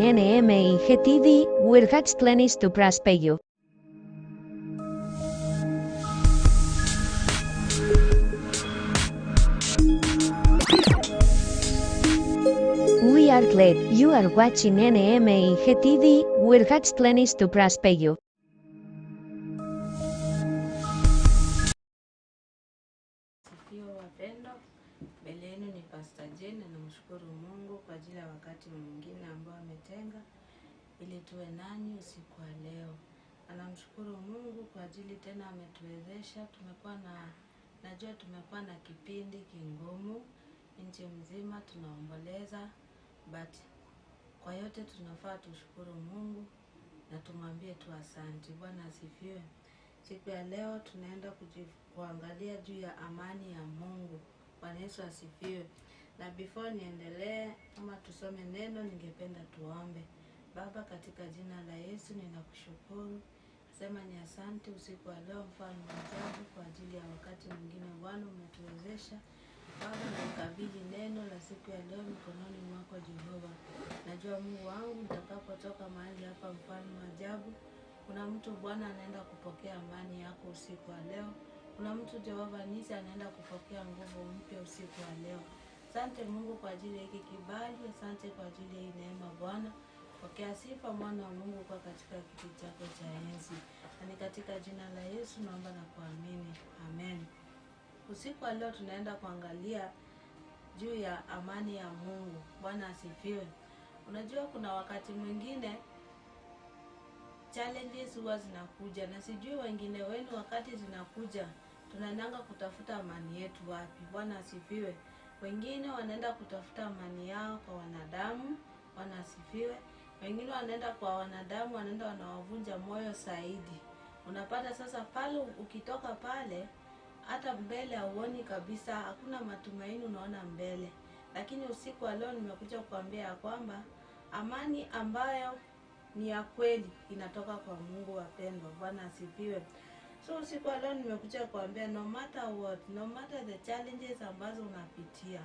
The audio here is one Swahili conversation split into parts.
NMA in GTD will hatch plans to prosper you. We are glad you are watching NMA in GTD will hatch plans to prosper you. ajili tena ametuwezesha. Tumekuwa na najua tumekuwa na kipindi kingumu nchi mzima, tunaomboleza but kwa yote tunafaa tushukuru Mungu na tumwambie tu asante. Bwana asifiwe. Siku ya leo tunaenda kuangalia juu ya amani ya Mungu. Bwana Yesu asifiwe. Na before niendelee ama tusome neno, ningependa tuombe. Baba, katika jina la Yesu ninakushukuru Sema ni asante usiku wa leo, mfalme mzazi, kwa ajili ya wakati mwingine Bwana umetuwezesha. Baba, nakabidhi neno la siku ya leo mikononi mwako Jehova. Najua Mungu wangu, mtakapotoka mahali hapa, mfalme wa ajabu, kuna mtu Bwana anaenda kupokea amani yako usiku wa leo. Kuna mtu Jehova nisi anaenda kupokea nguvu mpya usiku wa leo. Asante Mungu kwa ajili ya hiki kibali, asante kwa ajili ya hii neema Bwana. Pokea sifa mwana wa Mungu kwa katika kiti chako cha enzi, na ni katika jina la Yesu naomba na kuamini, amen. Usiku wa leo tunaenda kuangalia juu ya amani ya Mungu. Bwana asifiwe. Unajua, kuna wakati mwingine challenges huwa zinakuja, na sijui wengine wenu, wakati zinakuja tunaendanga kutafuta amani yetu wapi? Bwana asifiwe. Wengine wanaenda kutafuta amani yao kwa wanadamu. Bwana asifiwe wengine wanaenda kwa wanadamu, wanaenda wanawavunja moyo zaidi. Unapata sasa pale ukitoka pale, hata mbele hauoni kabisa, hakuna matumaini, unaona mbele. Lakini usiku wa leo nimekuja kuambia ya kwamba amani ambayo ni ya kweli inatoka kwa Mungu. Wapendwa, Bwana asifiwe. So usiku wa leo nimekuja kuambia no matter what, no matter the challenges ambazo unapitia,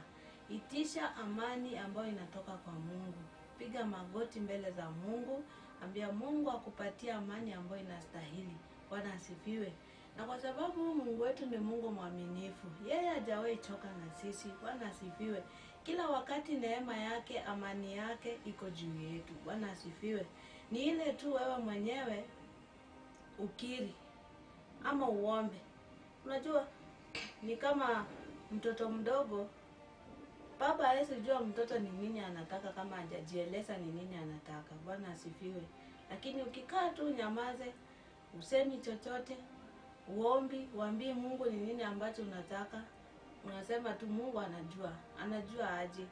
itisha amani ambayo inatoka kwa Mungu piga magoti mbele za Mungu, ambia Mungu akupatie amani ambayo inastahili. Bwana asifiwe. Na kwa sababu Mungu wetu ni Mungu mwaminifu, yeye hajawahi choka na sisi. Bwana asifiwe. Kila wakati neema yake, amani yake iko juu yetu. Bwana asifiwe. Ni ile tu wewe mwenyewe ukiri ama uombe. Unajua ni kama mtoto mdogo Baba hawezi jua mtoto ni nini anataka kama hajajieleza ni nini anataka. Bwana asifiwe. Lakini ukikaa tu nyamaze, usemi chochote, uombi, uambie Mungu ni nini ambacho unataka. Unasema tu Mungu anajua. Anajua aje.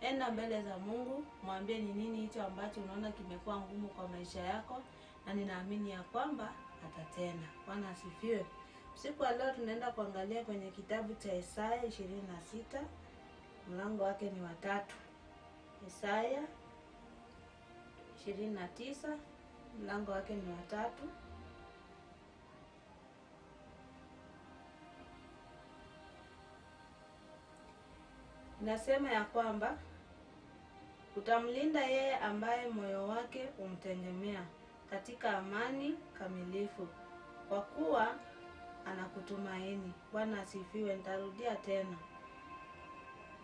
Enda mbele za Mungu, mwambie ni nini hicho ambacho unaona kimekuwa ngumu kwa maisha yako na ninaamini ya kwamba atatenda. Bwana asifiwe. Siku wa leo tunaenda kuangalia kwenye kitabu cha Isaya 26 mlango wake ni watatu. Isaya ishirini na tisa mlango wake ni watatu. Nasema ya kwamba utamlinda yeye ambaye moyo wake umtegemea katika amani kamilifu, kwa kuwa anakutumaini. Bwana asifiwe. Nitarudia tena.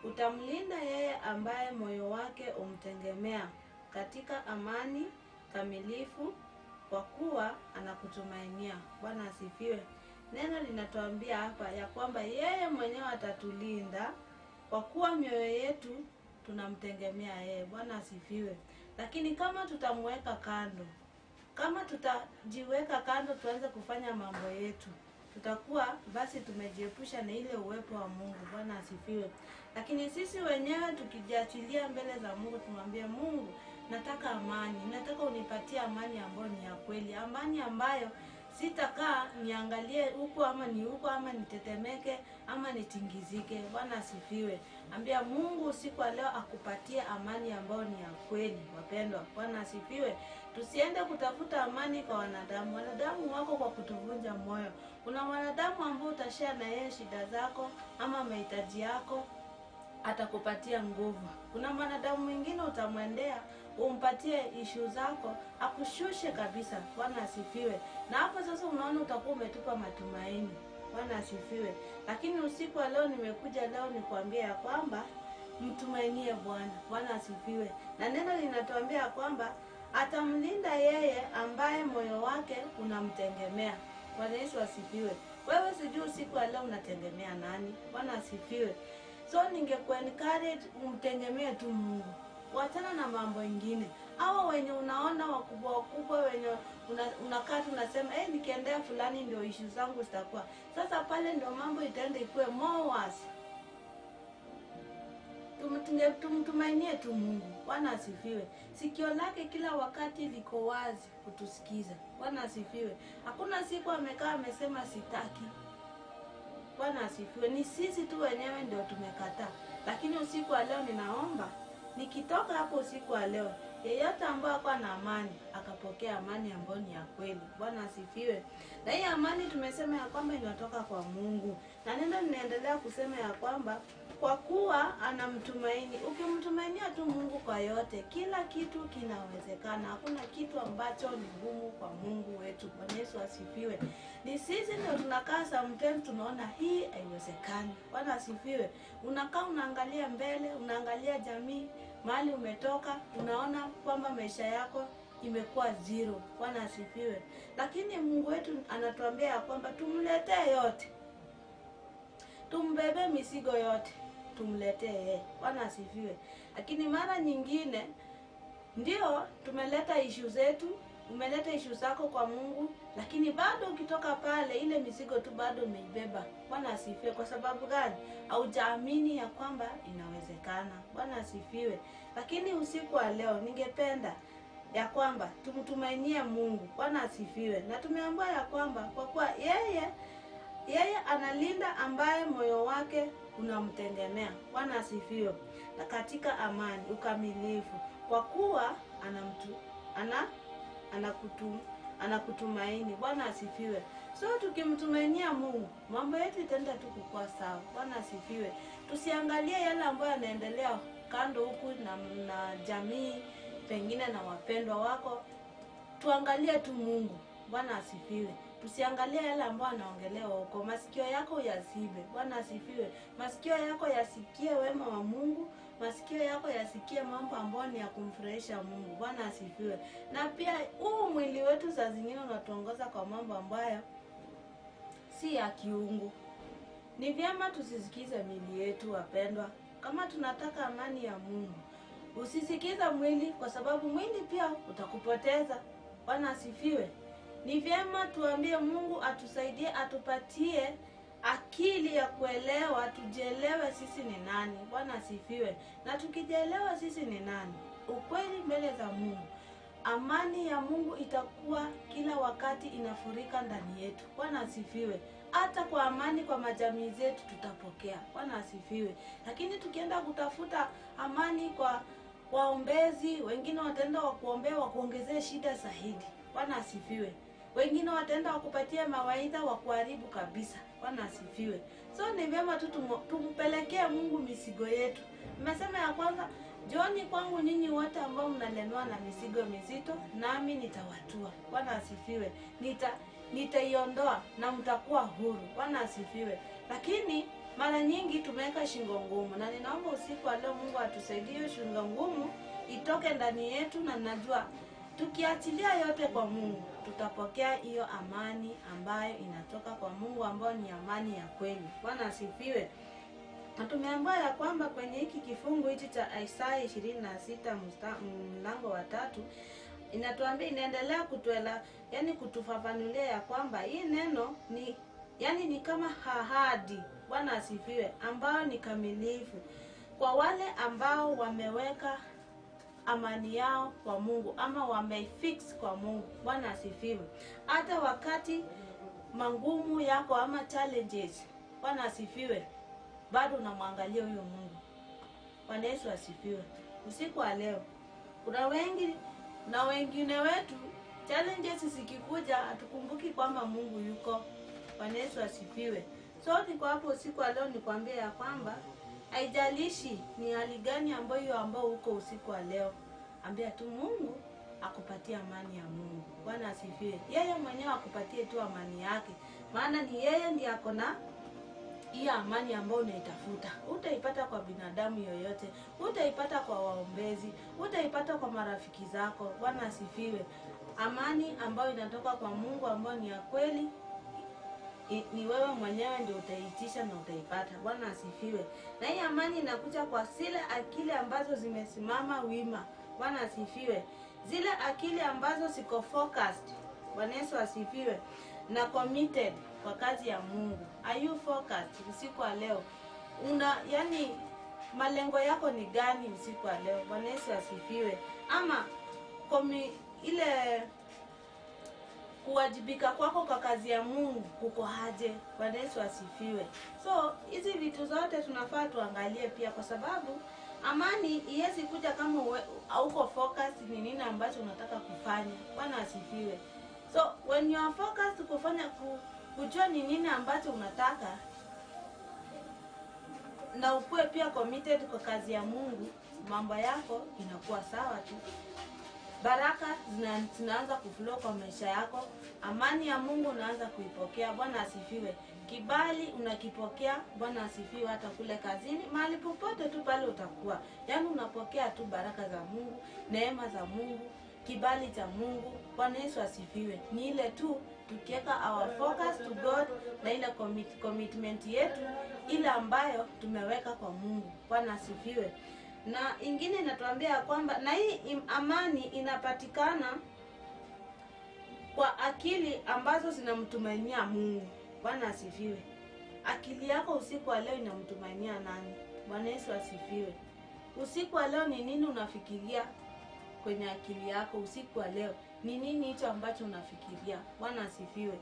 Utamlinda yeye ambaye moyo wake umtegemea katika amani kamilifu, kwa kuwa anakutumainia. Bwana asifiwe. Neno linatuambia hapa ya kwamba yeye mwenyewe atatulinda kwa kuwa mioyo yetu tunamtegemea yeye. Bwana asifiwe. Lakini kama tutamweka kando, kama tutajiweka kando, tuanze kufanya mambo yetu tutakuwa basi tumejiepusha na ile uwepo wa Mungu. Bwana asifiwe. Lakini sisi wenyewe tukijiachilia mbele za Mungu, tumwambie Mungu, nataka amani, nataka unipatie amani ambayo ni ya kweli, amani ambayo sitakaa niangalie huko ama ni huko ama nitetemeke ama nitingizike. Bwana asifiwe. Ambia Mungu usiku wa leo akupatie amani ambayo ni ya kweli, wapendwa. Bwana asifiwe. Tusiende kutafuta amani kwa wanadamu. Wanadamu wako kwa kutuvunja moyo. Kuna mwanadamu ambaye utashare na yeye shida zako ama mahitaji yako, atakupatia nguvu. Kuna mwanadamu mwingine utamwendea umpatie ishu zako akushushe kabisa. Bwana asifiwe. Na hapo sasa unaona utakuwa umetupa matumaini. Bwana asifiwe. Lakini usiku wa leo nimekuja leo nikuambia ya kwamba mtumainie Bwana. Bwana asifiwe. Na neno linatuambia kwamba atamlinda yeye ambaye moyo wake unamtegemea. Bwana Yesu asifiwe. Wewe sijui usiku wa leo unategemea nani? Bwana asifiwe. So encourage umtegemee tu Mungu, wachana na mambo ingine. Hawa wenye unaona wakubwa wakubwa, wenye unakaa una tu unasema hey, eh, nikiendea fulani ndio ishu zangu zitakuwa. Sasa pale ndio mambo itaenda ikuwe more worse. Tumtumainie tu Mungu. Bwana asifiwe. Sikio lake kila wakati liko wazi kutusikiza. Bwana asifiwe. Hakuna siku amekaa amesema sitaki. Bwana asifiwe. Ni sisi tu wenyewe ndio tumekataa, lakini usiku wa leo ninaomba nikitoka hapo usiku wa leo yeyote ambaye akuwa na amani akapokea amani ambayo ni ya kweli. Bwana asifiwe. Na hii amani tumesema ya kwamba inatoka kwa Mungu, na neno ninaendelea kusema ya kwamba kwa kuwa anamtumaini. Ukimtumainia tu Mungu kwa yote, kila kitu kinawezekana. Hakuna kitu ambacho ni ngumu kwa Mungu wetu. Bwana Yesu asifiwe. Ni sisi ndio tunakaa sometimes tunaona hii haiwezekani. Bwana asifiwe. Unakaa unaangalia mbele, unaangalia jamii, mahali umetoka, unaona kwamba maisha yako imekuwa zero. Bwana asifiwe. Lakini Mungu wetu anatuambia ya kwamba tumletee yote, tumbebe mizigo yote tumletee. Bwana asifiwe. Lakini mara nyingine ndio tumeleta ishu zetu, umeleta ishu zako kwa Mungu, lakini bado ukitoka pale, ile mizigo tu bado umeibeba. Bwana asifiwe. Kwa sababu gani? Haujaamini ya kwamba inawezekana. Bwana asifiwe. Lakini usiku wa leo ningependa ya kwamba tumtumainie Mungu. Bwana asifiwe. Na tumeambiwa ya kwamba kwa kuwa yeye yeye analinda ambaye moyo wake unamtegemea. Bwana asifiwe. Na katika amani, ukamilifu, kwa kuwa anamtu, ana anakutu anakutumaini. Bwana asifiwe. So tukimtumainia Mungu, mambo yetu itaenda tu kukua sawa. Bwana asifiwe. Tusiangalie yale ambayo yanaendelea kando huku na, na jamii pengine na wapendwa wako, tuangalie tu Mungu. Bwana asifiwe. Usiangalie yale ambayo anaongelea huko, masikio yako yasibe. Bwana asifiwe. Masikio yako yasikie wema wa Mungu, masikio yako yasikie mambo ambayo ni ya kumfurahisha Mungu. Bwana asifiwe. Na pia huu mwili wetu saa zingine unatuongoza kwa mambo ambayo si ya kiungu. Ni vyema tusisikize mili yetu, wapendwa, kama tunataka amani ya Mungu. Usisikize mwili, kwa sababu mwili pia utakupoteza. Bwana asifiwe. Ni vyema tuambie Mungu atusaidie, atupatie akili ya kuelewa, tujielewe sisi ni nani. Bwana asifiwe. Na tukijielewa sisi ni nani, ukweli mbele za Mungu, amani ya Mungu itakuwa kila wakati inafurika ndani yetu. Bwana asifiwe. Hata kwa amani kwa majamii zetu tutapokea. Bwana asifiwe. Lakini tukienda kutafuta amani kwa waombezi, wengine wataenda wakuombea, wakuongezee shida zaidi. Bwana asifiwe wengine wataenda wakupatia mawaidha wa kuharibu kabisa. Bwana asifiwe. So ni vyema tu tumpelekee Mungu mizigo yetu. Nimesema ya kwanza, Joni kwangu nyinyi wote ambao mnalemewa na mizigo mizito, nami nitawatua. Bwana asifiwe. Nita nitaiondoa na mtakuwa huru. Bwana asifiwe. Lakini mara nyingi tumeweka shingo ngumu, na ninaomba usiku wa leo Mungu atusaidie shingo ngumu itoke ndani yetu, na najua Tukiachilia yote kwa Mungu, tutapokea hiyo amani ambayo inatoka kwa Mungu, ambayo ni amani ya kweli. Bwana asifiwe. Na tumeambiwa ya kwamba kwenye hiki kifungu hichi cha Isaya 26 mlango wa tatu inatuambia inaendelea kutuela, yani kutufafanulia ya kwamba hii neno ni yani ni kama ahadi, Bwana asifiwe, ambayo ni kamilifu kwa wale ambao wameweka amani yao kwa Mungu ama wameifix kwa Mungu. Bwana asifiwe. Hata wakati mangumu yako ama challenges, Bwana asifiwe, bado unamwangalia huyo Mungu. Bwana Yesu asifiwe. Usiku wa leo kuna wengi na wengine wetu, challenges zikikuja hatukumbuki kwamba Mungu yuko. Bwana Yesu asifiwe. So niko hapo usiku wa leo nikwambie ya kwamba haijalishi ni hali gani ambayo ambao huko usiku wa leo, ambia tu Mungu akupatie amani ya Mungu. Bwana asifiwe. Yeye mwenyewe akupatie tu amani yake, maana ni yeye ndiye ako na hiyo amani ambayo unaitafuta. Utaipata kwa binadamu yoyote, utaipata kwa waombezi, utaipata kwa marafiki zako. Bwana asifiwe. Amani ambayo inatoka kwa Mungu ambayo ni ya kweli ni wewe mwenyewe ndio utaitisha na utaipata. Bwana asifiwe. Na hii amani inakuja kwa zile akili ambazo zimesimama wima. Bwana asifiwe. Zile akili ambazo ziko focused. Bwana Yesu asifiwe. Na committed kwa kazi ya Mungu. Are you focused usiku wa leo? Una yani malengo yako ni gani usiku wa leo? Bwana Yesu asifiwe. Ama komi, ile kuwajibika kwako kwa kazi ya Mungu kuko haje. Bwana Yesu asifiwe. So hizi vitu zote tunafaa tuangalie pia, kwa sababu amani iwezi kuja kama hauko focus ni nini ambacho unataka kufanya. Bwana asifiwe. So when you are focused kufanya ku, kujua ni nini ambacho unataka na ukuwe pia committed kwa kazi ya Mungu, mambo yako inakuwa sawa tu baraka zina, zinaanza kuflow kwa maisha yako, amani ya Mungu unaanza kuipokea. Bwana asifiwe. Kibali unakipokea, Bwana asifiwe, hata kule kazini, mahali popote tu pale utakuwa, yaani unapokea tu baraka za Mungu, neema za Mungu, kibali cha Mungu. Bwana Yesu asifiwe. Ni ile tu tukiweka our focus to God na ile commit, commitment yetu ile ambayo tumeweka kwa Mungu. Bwana asifiwe na ingine inatuambia kwamba na hii amani inapatikana kwa akili ambazo zinamtumainia Mungu. Bwana asifiwe. Akili yako usiku wa leo inamtumainia nani? Bwana Yesu asifiwe. Usiku wa leo ni nini unafikiria kwenye akili yako? Usiku wa leo ni nini hicho ambacho unafikiria? Bwana asifiwe.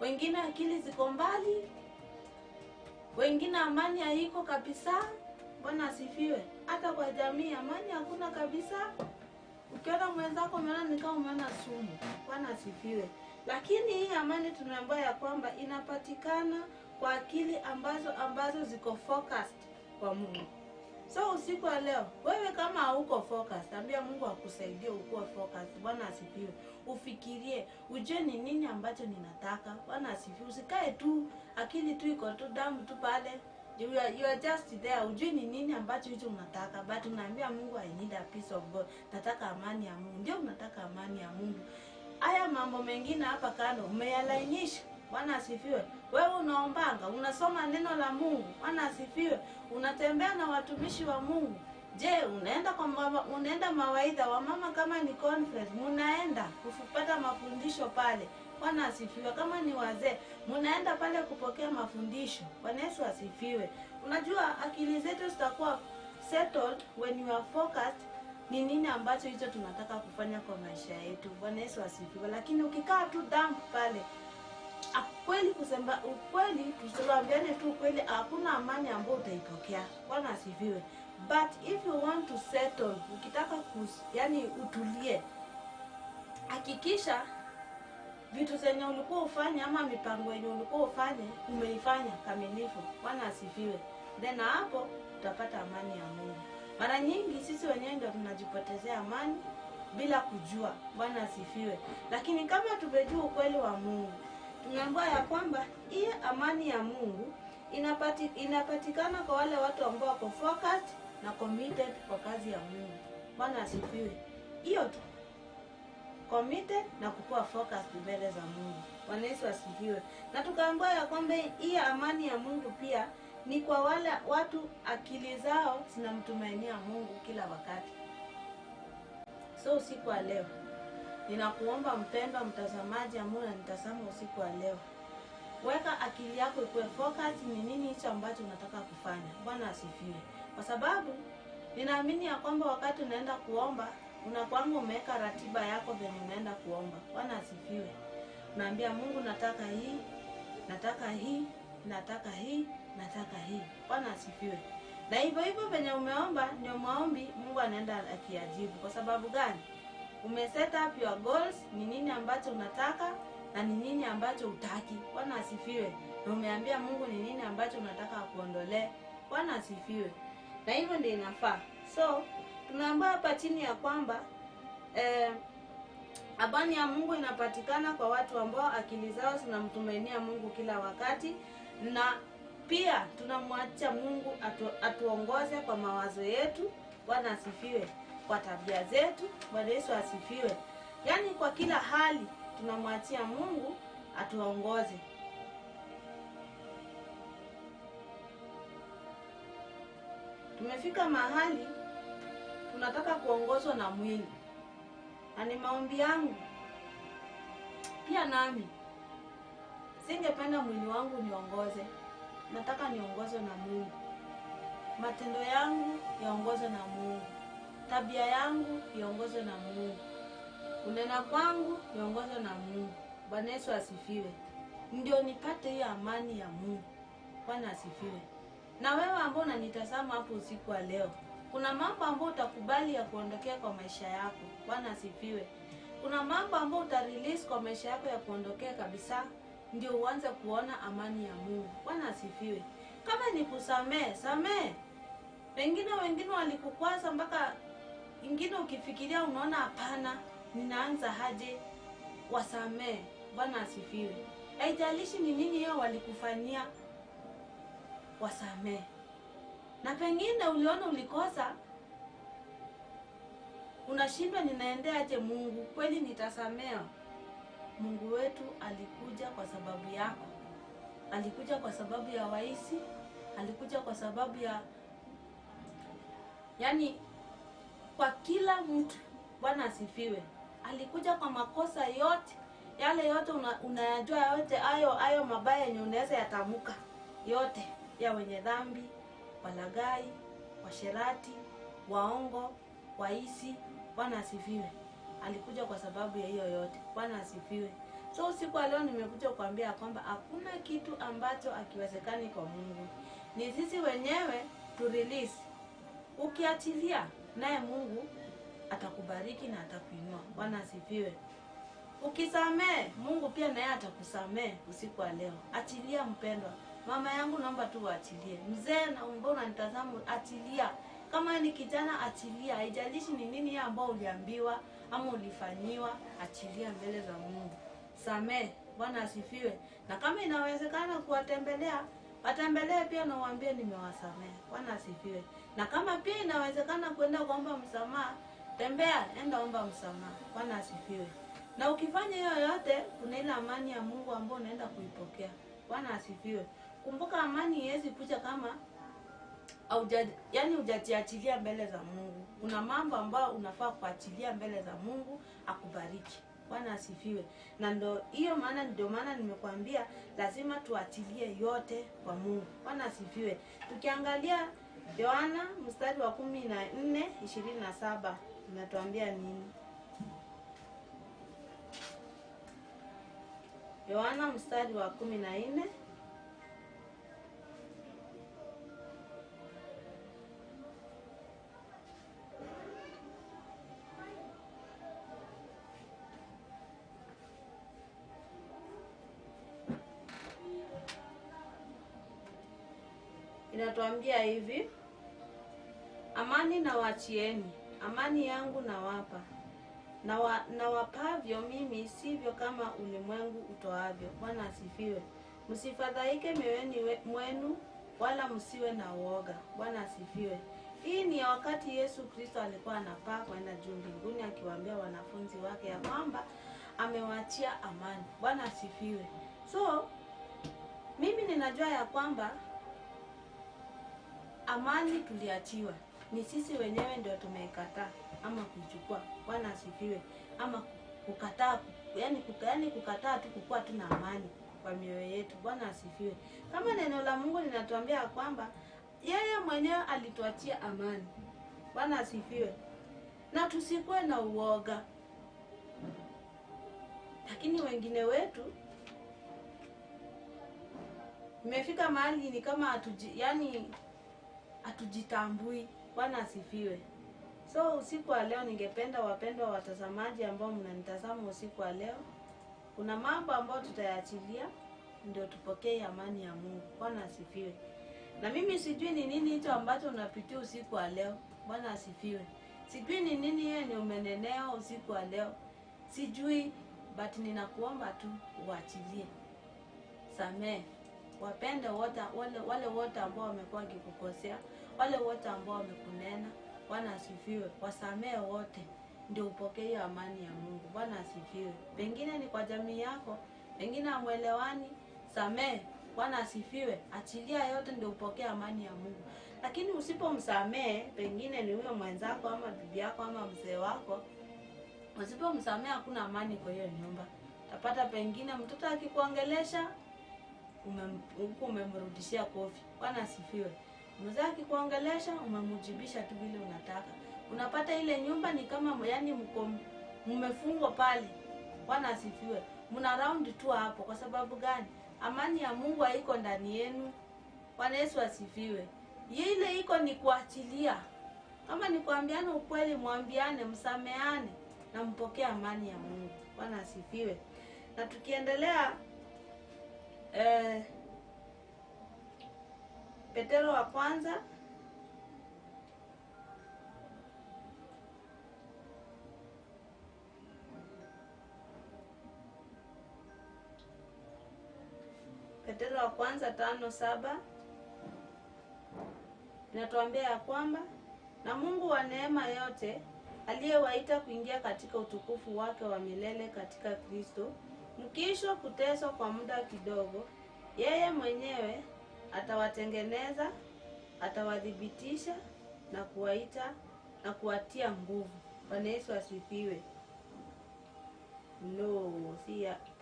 Wengine akili ziko mbali, wengine amani haiko kabisa. Bwana asifiwe hata kwa jamii amani hakuna kabisa. Ukiona mwenzako umeona nikawa umeona sumu, Bwana asifiwe. Lakini hii amani tunaambiwa ya kwamba inapatikana kwa akili ambazo ambazo ziko focused kwa Mungu. So usiku wa leo, wewe kama hauko focus, ambia Mungu akusaidie ukuwe focus. Bwana asifiwe. Ufikirie, ujue ni nini ambacho ninataka. Bwana asifiwe. Usikae tu akili tu iko tu damu tu pale you are, you are just there, ujui ni nini ambacho hicho unataka, but unaambia Mungu I need a peace of God, nataka amani ya Mungu. Ndio unataka amani ya Mungu. Haya mambo mengine hapa kando umeyalainisha. Bwana asifiwe. Wewe unaombanga, unasoma neno la Mungu. Bwana asifiwe. Unatembea na watumishi wa Mungu. Je, unaenda kwa mama, unaenda mawaidha wa mama, kama ni conference, munaenda kupata mafundisho pale. Bwana asifiwe. Kama ni wazee, mnaenda pale kupokea mafundisho. Bwana Yesu asifiwe. Unajua akili zetu zitakuwa settled when you are focused ni nini ambacho hicho tunataka kufanya kwa maisha yetu. Bwana Yesu asifiwe. Lakini ukikaa tu dump pale kweli kusema ukweli, tusiwaambiane tu ukweli, hakuna amani ambayo utaipokea. Bwana asifiwe. But if you want to settle, ukitaka kus, yani utulie, hakikisha vitu zenye ulikuwa ufanye ama mipango yenye ulikuwa ufanye umeifanya kamilifu. Bwana asifiwe. Then hapo utapata amani ya Mungu. Mara nyingi sisi wenyewe ndio tunajipotezea amani bila kujua. Bwana asifiwe. Lakini kama tumejua ukweli wa Mungu, tunaambiwa ya kwamba hii amani ya Mungu inapati, inapatikana kwa wale watu ambao wako focused na committed kwa kazi ya Mungu. Bwana asifiwe. Hiyo tu committed na kukuwa focused mbele za Mungu. Bwana Yesu asifiwe. Na tukaambiwa ya kwamba hii amani ya Mungu pia ni kwa wale watu akili zao zinamtumainia Mungu kila wakati. So usiku wa leo ninakuomba mpendwa mtazamaji ambaye unanitazama usiku wa leo, weka akili yako ikuwe focus, ni nini hicho ambacho unataka kufanya. Bwana asifiwe, kwa sababu ninaamini ya kwamba wakati unaenda kuomba unakwanga umeweka ratiba yako venye unaenda kuomba. Bwana asifiwe. Unaambia Mungu, nataka hii, nataka hii, nataka hii, nataka hii. Bwana asifiwe. Na hivyo hivyo venye umeomba ndio maombi Mungu anaenda akiajibu. Kwa sababu gani? Umeset up your goals, ni nini ambacho unataka na ni nini ambacho utaki. Bwana asifiwe. Na umeambia Mungu ni nini ambacho unataka akuondolee. Bwana asifiwe. Na hivyo ndio inafaa. So tunaambia hapa chini ya kwamba eh, abani ya Mungu inapatikana kwa watu ambao akili zao zinamtumainia Mungu kila wakati, na pia tunamwacha Mungu atu, atuongoze kwa mawazo yetu. Bwana asifiwe. Kwa tabia zetu, Bwana Yesu asifiwe. Yaani kwa kila hali tunamwachia Mungu atuongoze. Tumefika mahali tunataka kuongozwa na mwili, na ni maombi yangu pia nami singependa mwili wangu niongoze. Nataka niongozwe na Mungu, matendo yangu yaongozwe na Mungu, tabia yangu iongozwe na Mungu, unena kwangu iongozwe na Mungu. Bwana Yesu asifiwe. Ndio nipate hiyo amani ya Mungu. Bwana asifiwe. Na wewe ambao unanitazama hapo usiku wa leo kuna mambo ambayo utakubali ya kuondokea kwa maisha yako. Bwana asifiwe. Kuna mambo ambayo utarelease kwa maisha yako ya kuondokea kabisa, ndio uanze kuona amani ya Mungu. Bwana asifiwe. Kama ni kusamehe, samehe. Wengine wengine walikukwaza mpaka ingine ukifikiria unaona hapana, ninaanza haje? Wasamehe. Bwana asifiwe. Haijalishi ni nini yao walikufanyia, wasamehe na pengine uliona ulikosa, unashindwa ninaendeaje Mungu? Kweli nitasamea Mungu wetu alikuja kwa sababu yako, alikuja kwa sababu ya waisi, alikuja kwa sababu ya yani, kwa kila mtu. Bwana asifiwe. Alikuja kwa makosa yote yale yote una, unayajua yote, ayo ayo mabaya yenye unaweza yatamka yote ya wenye dhambi walagai washerati, waongo, waisi. Bwana asifiwe. Alikuja kwa sababu ya hiyo yote. Bwana asifiwe. So usiku wa leo nimekuja kuambia kwamba hakuna kitu ambacho akiwezekani kwa Mungu. Ni sisi wenyewe tu release. Ukiachilia naye Mungu atakubariki na atakuinua. Bwana asifiwe. Ukisamee Mungu pia naye atakusamee usiku wa leo. Achilia mpendwa mama yangu, naomba tu waachilie. Mzee na ambao unanitazama, achilia. Kama ni kijana, achilia. Haijalishi ni nini ambao uliambiwa ama ulifanyiwa, achilia mbele za Mungu. Samee, Bwana asifiwe. Na kama inawezekana kuwatembelea watembelee pia na uambie nimewasamea. Bwana asifiwe. Na kama pia inawezekana kwenda kuomba msamaha, tembea, enda omba msamaha. Bwana asifiwe. Na ukifanya hiyo yote, kuna ile amani ya Mungu ambayo unaenda kuipokea. Bwana asifiwe. Kumbuka amani iwezi kuja kama auja, yani hujajiachilia mbele za Mungu. kuna mambo ambayo unafaa kuachilia mbele za Mungu akubariki. Bwana asifiwe. Na ndo hiyo maana, ndio maana nimekuambia lazima tuachilie yote kwa Mungu. Bwana asifiwe. Tukiangalia Yohana mstari wa kumi na nne ishirini na saba inatuambia nini? Yohana mstari wa kumi na nne inatuambia hivi, amani na wachieni, amani yangu nawapa na, wa, na wapavyo mimi sivyo kama ulimwengu utoavyo. Bwana asifiwe. Msifadhaike mioyoni mwenu wala msiwe na uoga. Bwana asifiwe. Hii ni wakati Yesu Kristo alikuwa anapaa kwenda juu mbinguni, akiwaambia wanafunzi wake ya kwamba amewachia amani. Bwana asifiwe. So mimi ninajua ya kwamba Amani tuliachiwa, ni sisi wenyewe ndio tumekataa ama kuchukua. Bwana asifiwe. Ama kukataa, yani kukataa, kukataa tu kukua tu na amani kwa mioyo yetu. Bwana asifiwe. Kama neno la Mungu linatuambia kwamba yeye mwenyewe alituachia amani. Bwana asifiwe. Na tusikuwe na uoga, lakini wengine wetu imefika mahali ni kama hatuji, yani hatujitambui. Bwana asifiwe. So usiku wa leo, ningependa wapendwa watazamaji ambao mnanitazama usiku wa leo, kuna mambo ambayo tutayaachilia ndio tupokee amani ya Mungu. Bwana asifiwe. Na mimi sijui ni nini hicho ambacho unapitia usiku wa leo. Bwana asifiwe. Sijui ni nini yeye ni umeneneo usiku wa leo, sijui but ninakuomba tu uachilie, samehe wapende wote wale, wale wote ambao wamekuwa wakikukosea, wale wote ambao wamekunena. Bwana asifiwe, wasamee wote, ndio upokee amani ya Mungu. Bwana asifiwe. Pengine ni kwa jamii yako, pengine hamwelewani, samee. Bwana asifiwe, achilia yote, ndio upokee amani ya Mungu. Lakini usipomsamee, pengine ni huyo mwenzako ama bibi yako ama mzee wako, usipomsamee hakuna amani kwa hiyo nyumba. Utapata pengine mtoto akikuongelesha huku umemrudishia kofi. Bwana asifiwe. Mzaki kuongelesha umemujibisha tu vile unataka. Unapata ile nyumba ni kama yani mko mmefungwa pale. Bwana asifiwe. Mna round tu hapo kwa sababu gani? Amani ya Mungu haiko ndani yenu. Bwana Yesu asifiwe. Ile iko ni kuachilia. Kama ni kuambiana ukweli, mwambiane, msameane na mpokee amani ya Mungu. Bwana asifiwe. Na tukiendelea eh, Petero wa kwanza Petero wa kwanza tano saba inatuambia ya kwamba na Mungu wa neema yote aliyewaita kuingia katika utukufu wake wa milele katika Kristo Mkisho kuteswa kwa muda kidogo, yeye mwenyewe atawatengeneza, atawadhibitisha na kuwaita na kuwatia nguvu. Bwana Yesu asifiwe. No, si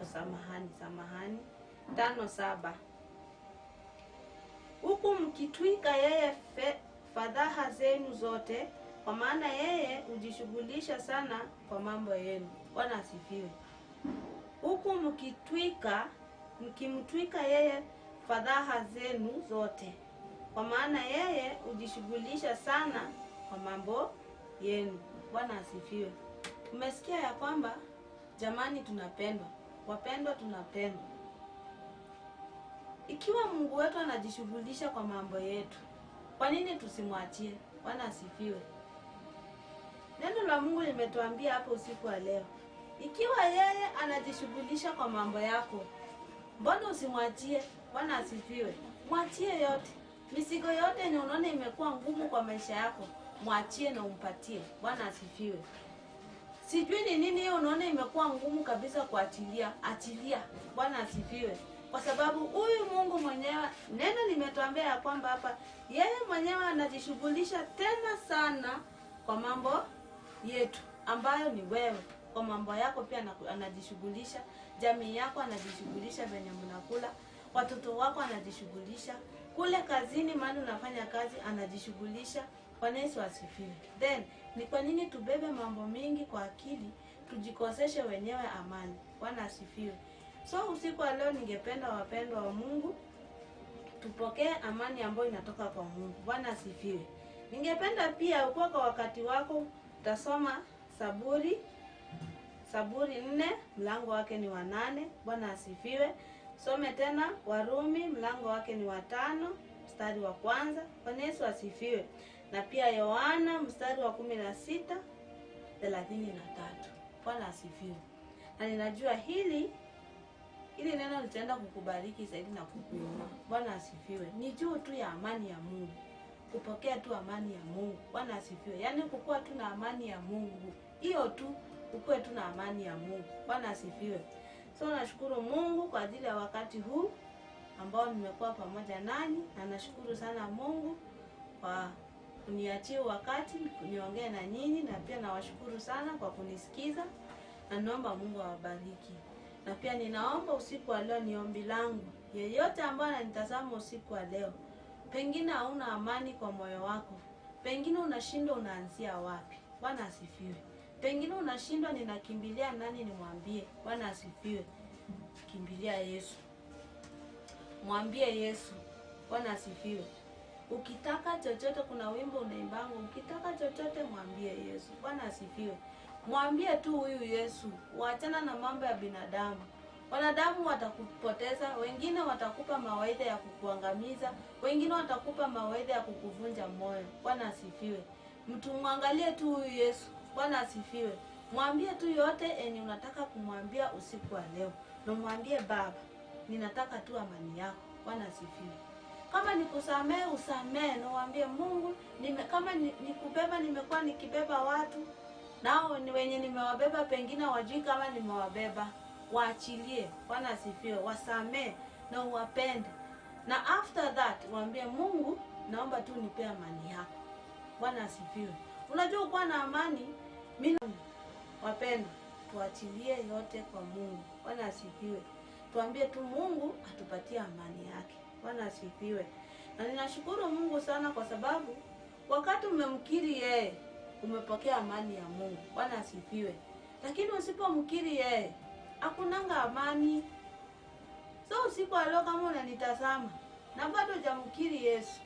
samahani, samahani tano saba huku mkitwika yeye fe, fadhaha zenu zote, kwa maana yeye hujishughulisha sana kwa mambo yenu. Bwana asifiwe huku mkitwika mkimtwika yeye fadhaha zenu zote, kwa maana yeye hujishughulisha sana kwa mambo yenu. Bwana asifiwe. Umesikia ya kwamba jamani, tunapendwa wapendwa, tunapendwa. Ikiwa Mungu wetu anajishughulisha kwa mambo yetu, kwa nini tusimwachie? Bwana asifiwe. Neno la Mungu limetuambia hapo usiku wa leo ikiwa yeye anajishughulisha kwa mambo yako, mbona usimwachie? Bwana asifiwe. Mwachie yote, misigo yote yenye unaona imekuwa ngumu kwa maisha yako, mwachie na umpatie. Bwana asifiwe. Sijui ni nini hiyo unaona imekuwa ngumu kabisa kuachilia, achilia. Bwana asifiwe, kwa sababu huyu Mungu mwenyewe, neno limetuambia ya kwamba hapa yeye mwenyewe anajishughulisha tena sana kwa mambo yetu ambayo ni wewe kwa mambo yako pia anajishughulisha, jamii yako anajishughulisha venye mnakula, watoto wako anajishughulisha, kule kazini mahali unafanya kazi anajishughulisha. Bwana Yesu asifiwe. Then ni kwa nini tubebe mambo mingi kwa akili tujikoseshe wenyewe amani? Bwana asifiwe. So usiku wa leo, ningependa wapendwa wa Mungu tupokee amani ambayo inatoka kwa Mungu. Bwana asifiwe. Ningependa pia ukuwa kwa wakati wako utasoma Saburi Saburi nne mlango wake ni wa nane. Bwana asifiwe. Some tena Warumi mlango wake ni wa tano mstari wa kwanza. Bwana Yesu asifiwe. Na pia Yohana mstari wa kumi na sita thelathini na tatu. Bwana asifiwe. Na ninajua hili ili neno litaenda kukubariki zaidi na kukuinua. Bwana asifiwe. Ni juu tu ya amani ya Mungu, kupokea tu amani ya Mungu. Bwana asifiwe. Yaani kukua tu na amani ya Mungu, hiyo tu ukuwe tu na amani ya Mungu. Bwana asifiwe. So nashukuru Mungu kwa ajili ya wakati huu ambao nimekuwa pamoja nanyi, na nashukuru sana Mungu kwa kuniachia wakati niongee na nyinyi, na pia nawashukuru sana kwa kunisikiza, na naomba Mungu awabariki. Na pia ninaomba usiku wa leo, ni ombi langu, yeyote ambaye ananitazama usiku wa leo, pengine hauna amani kwa moyo wako, pengine unashindwa unaanzia wapi. Bwana asifiwe. Pengine unashindwa ninakimbilia nani, nimwambie? Bwana asifiwe. Kimbilia Yesu, mwambie Yesu. Bwana asifiwe. Ukitaka chochote, kuna wimbo unaimbangu, ukitaka chochote mwambie Yesu. Bwana asifiwe. Mwambie tu huyu Yesu, wachana na mambo ya binadamu. Wanadamu watakupoteza, wengine watakupa mawaidha ya kukuangamiza, wengine watakupa mawaidha ya kukuvunja moyo. Bwana asifiwe. Mtu mwangalie tu huyu Yesu. Bwana asifiwe. Mwambie tu yote enye unataka kumwambia usiku wa leo, na mwambie Baba, ninataka tu amani yako. Bwana asifiwe. Kama nikusamee usamee, na uambie Mungu nime, kama nikubeba, ni nimekuwa nikibeba watu nao ni wenye nimewabeba, pengine wajui kama nimewabeba. Waachilie. Bwana asifiwe. wasamee na uwapende, na after that waambie Mungu, naomba tu nipe amani yako. Bwana asifiwe. Unajua, ukuwa na amani mimi wapenda tuachilie yote kwa Mungu. Bwana asifiwe. Tuambie tu Mungu atupatie amani yake. Bwana asifiwe. Na ninashukuru Mungu sana kwa sababu wakati umemkiri yeye umepokea amani ya Mungu. Bwana asifiwe. Lakini usipomkiri yeye hakunanga amani. So usiku leo kama unanitazama na bado hujamkiri Yesu,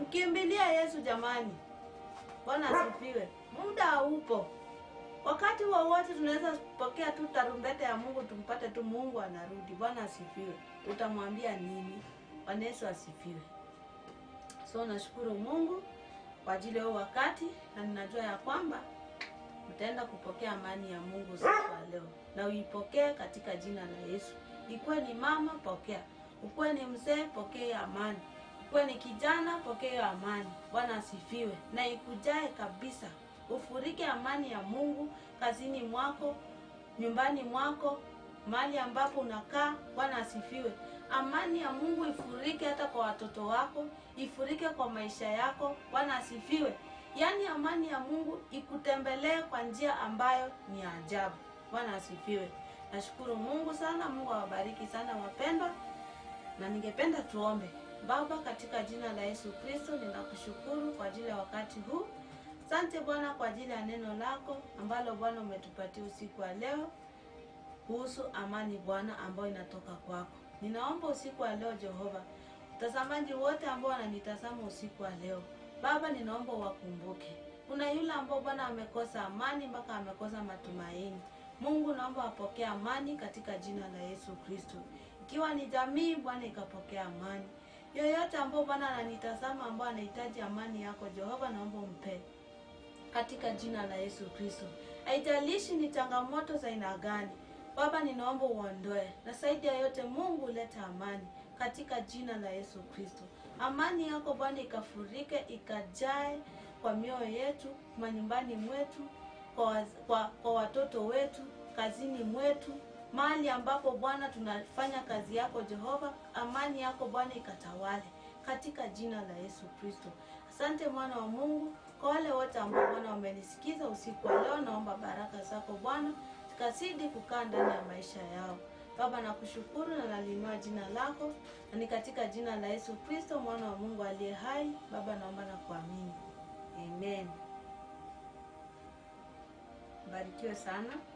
mkimbilia Yesu jamani. Bwana asifiwe muda haupo. Wakati wowote wa tunaweza kupokea tu tarumbeta ya Mungu, tumpate tu Mungu anarudi. Bwana asifiwe. Utamwambia nini? Bwana Yesu asifiwe. So nashukuru Mungu kwa ajili ya wakati, na ninajua ya kwamba mtaenda kupokea amani ya Mungu siku leo, na uipokee katika jina la Yesu. Ikuwe ni mama, pokea. Ukuwe ni mzee, pokea amani. Ukuwe ni kijana, pokea amani. Bwana asifiwe, na ikujae kabisa ufurike amani ya Mungu kazini mwako, nyumbani mwako, mahali ambapo unakaa. Bwana asifiwe. Amani ya Mungu ifurike hata kwa watoto wako, ifurike kwa maisha yako. Bwana asifiwe. Yaani amani ya Mungu ikutembelee kwa njia ambayo ni ajabu. Bwana asifiwe. Nashukuru Mungu sana. Mungu awabariki sana wapendwa, na ningependa tuombe. Baba, katika jina la Yesu Kristo, ninakushukuru kwa ajili ya wakati huu. Asante Bwana kwa ajili ya neno lako ambalo Bwana umetupatia usiku wa leo kuhusu amani Bwana ambayo inatoka kwako. Ninaomba usiku wa leo Jehova, watazamaji wote ambao wananitazama usiku wa leo Baba, ninaomba wakumbuke, kuna yule ambao Bwana amekosa amani mpaka amekosa matumaini. Mungu, naomba wapokee amani katika jina la Yesu Kristo. Ikiwa ni jamii Bwana ikapokea amani. Yoyote ambao Bwana ananitazama ambao anahitaji amani yako Jehova, naomba umpe katika jina la Yesu Kristo. Haijalishi ni changamoto za aina gani, Baba, ninaomba uondoe, na zaidi ya yote Mungu uleta amani katika jina la Yesu Kristo. Amani yako Bwana ikafurike ikajae kwa mioyo yetu, manyumbani mwetu, kwa, kwa, kwa watoto wetu, kazini mwetu, mahali ambapo Bwana tunafanya kazi yako Jehova. Amani yako Bwana ikatawale katika jina la Yesu Kristo. Asante mwana wa Mungu. Kwa wale wote ambao Bwana wamenisikiza usiku wa leo, naomba baraka zako Bwana zikazidi kukaa ndani ya maisha yao. Baba, nakushukuru na naliinua jina lako, na ni katika jina la Yesu Kristo mwana wa Mungu aliye hai. Baba, naomba na kuamini, amen. Barikiwe sana.